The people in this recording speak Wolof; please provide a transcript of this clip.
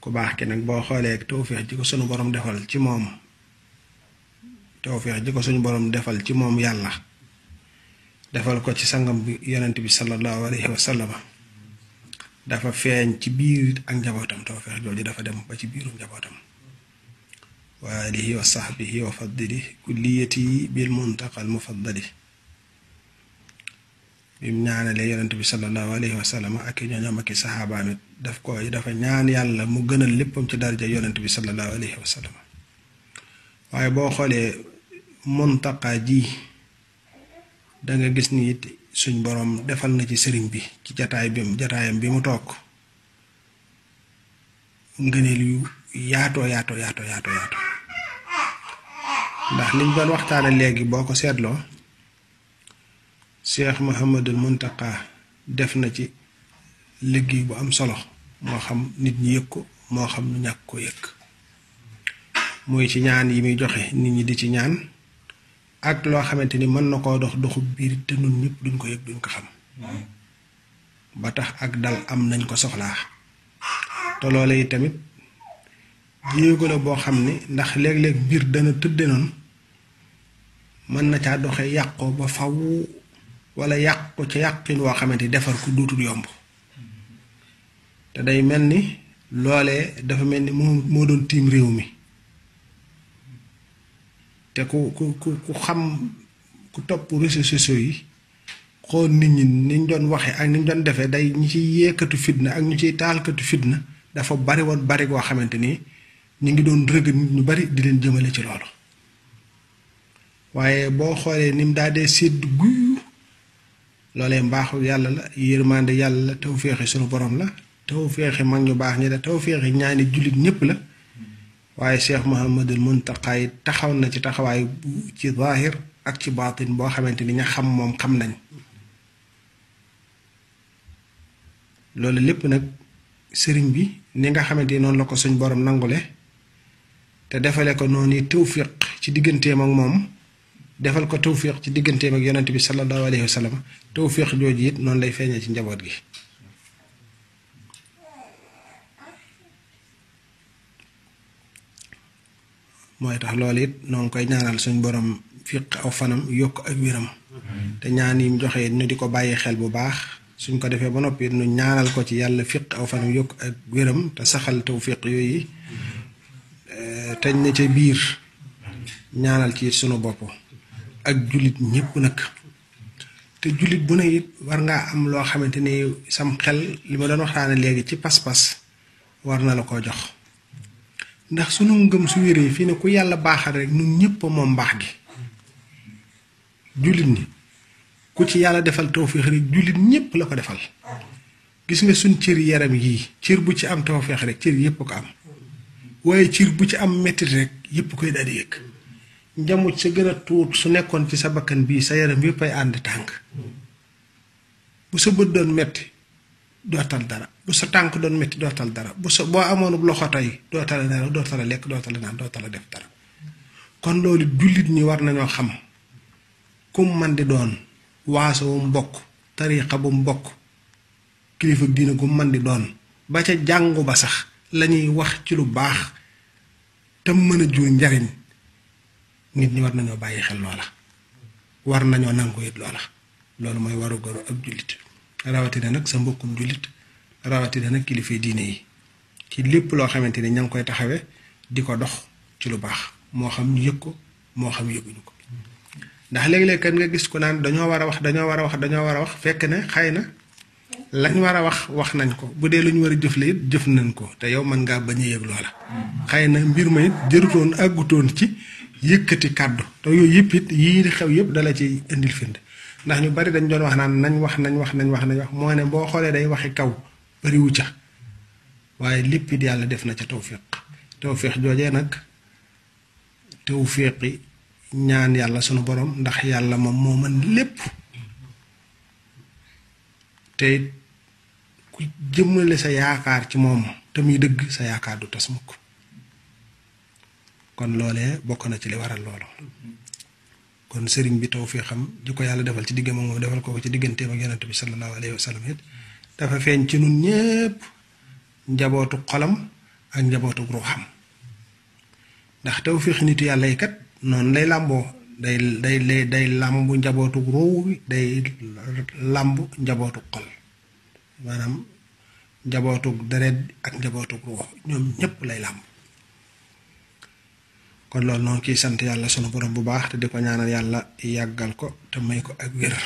ku baax ki nag boo xoolee tawféex ji ko sunu borom defal ci moom tawféex ji suñu borom defal ci moom yàlla defal ko ci sangam bi yonent bi sallallahu alayhi wa sallam dafa feeñ ci biir ak njabootam tawféex jooju dafa dem ba ci biiru njabootam wa alihi wa sahbihi wa faddili kulliyati bil muntaqal mufaddali bi mu ñaanalee yonent bi sallallahu alayhi wa sallam ak ñooñam ak i saxaabaam it daf ko dafa ñaan yàlla mu gënal léppam ci daraja yonent bi sallallahu alayhi wa sallam waaye boo xoolee muntaqa ji danga gis ni suñ boroom defal na ci sëriñ bi ci jataay bi jataayam bi mu toog ngëneel yu yaatoo yaatoo yaatoo yaatoo yaatoo ndax liñ doon waxtaane léegi boo ko seetloo cheikh Mouhamadul Mountakha def na ci liggéey bu am solo moo xam nit ñi yëg ko moo xam nu ñàkk ko yëg mooy ci ñaan yi muy joxe nit ñi di ci ñaan ak loo xamante ni mën na koo dox doxu biir te nun ñëpp duñ ko yëg duñ ko xam ba tax ak dal am nañ ko soxlaa te loolee yi tamit jéego la boo xam ne ndax léeg-léeg biir dana tëdde noonu mën na caa doxe yàqoo ba faw wala yàq ko ca yàqin woo xamante defar ko duutul yomb te day mel ni loolee dafa mel ni moo moo doon tiim réew mi te ku ku ku xam ku topp réseaux sociaux yi xool nit ñi ni ñu doon waxe ak ni ñu doon defee day ñi ciy yéekatu fitna ak ñu ciy taalkatu fitna dafa bari woon bari goo xamante ni ñu ngi doon rëgg nit ñu bari di leen jëmale ci loolu waaye boo xoolee nim daa dee sédd guy loolee mbaaxul yàlla la yërmande yàlla la taw féexi sunu boroom la taw féexi mag ñu baax ñi la taw féexi ñaani jullit ñëpp la waaye cheikh mohamadul mën taqaay taxaw na ci taxawaay ci zaahir ak ci baatin boo xamante ni ña xam moom xam nañ loolu lépp nag sëriñ bi ni nga xamante ni noonu la ko suñ borom nangule te defale ko noonu tawfiq ci digganteem ak moom defal ko tawfiq ci digganteem ak yonent bi sallallahu alayhi wa tawfiq jooju it noonu lay feeñee ci njaboot gi mooy tax loolu it noo koy ñaanal suñ borom fiq aw fanam yokk ak wéram te ñaan yi mu joxe ñu di bàyyi xel bu baax suñ ko defee ba noppi nu ñaanal ko ci yàlla fiq aw fanam yokk ak wéram te saxal tawfiq yooyu teñ na ca biir ñaanal ci sunu bopp ak jullit ñëpp nag te jullit bu ne it war ngaa am loo xamante ni sam xel li ma doon waxtaane léegi ci pas-pas war na la koo jox ndax sunu ngëm su wéree fii ne ku yàlla baaxal rek nun ñëpp moom mbaax gi jullit ñi ku ci yàlla defal tawféex rek jullit ñëpp la ko defal gis nga suñ cër yaram yii cër bu ci am tawféex rek cër yëpp ko am waaye cër bu ci am mettit rek yëpp koy daal di yëg njamu ci gën a tuut su nekkoon ci sa bakkan bii sa yaram bi fay ànd tànk bu sa bët doon metti doo tal dara bu sa tànk doon metti doo tal dara bu sa boo amoon loxo tey doo dara doo tal lekk doo tal naan doo tal def dara kon loolu jullit ñi war nañoo xam kum man di doon waaso wu mbokk tariqa bu mbokk kilifa diina gu man di doon ba ca jàngu ba sax lañuy wax ci lu baax te mën a njariñ nit ñi war nañoo bàyyi xel loola war nañoo nangu it loola loolu mooy waru garu ab jullit rawatina nag sa mbokkum jullit rawatina nag kilifa diine yi kii lépp loo xamante ni ña ngi koy taxawee di ko dox ci lu baax moo xam ñu yëg ko moo xam yëguñu ko ndax léeg-léeg kan nga gis ku naan dañoo war a wax dañoo war a wax dañoo war a wax fekk ne xëy na lañ war a wax wax nañ ko bu dee lu ñu war a jëf la nañ ko te yow man ngaa bañ a yëg loola. Mm. xëy mbir ma jërutoon àggutoon yëkkati kàddu te yooyu yëpp it yii di xew yëpp dala ci indil firnde ndax ñu bari dañ doon wax naan nañ wax nañ wax nañ wax nañ wax moo ne boo xoolee day waxi kaw bariwu ca waaye lépp it yàlla def na ca tawfiq tawfiq joojee nag tawfiqi ñaan yàlla sunu borom ndax yàlla moom moo mën lépp te ku jëmmale sa yaakaar ci moom te muy dëgg sa yaakaar du tas mukk kon loole bokk na ci li waral loolu kon sëriñ bi taw fii xam ji ko yàlla defal ci diggam moom defal ko ci digganteem ak yonent bi sallallahu alayhi wa sallam it dafa feeñ ci nun ñépp njabootu ak njabootu ndax taw fii nitu noonu lay làmboo day day day day njabootu ruuw bi njabootu xol maanaam njabootu ak njabootu ruux ñépp lay làmb kon loolu noo ciy sant yàlla sunu borom bu baax te di ko ñaana yàlla yàggal ko te may ko ak wér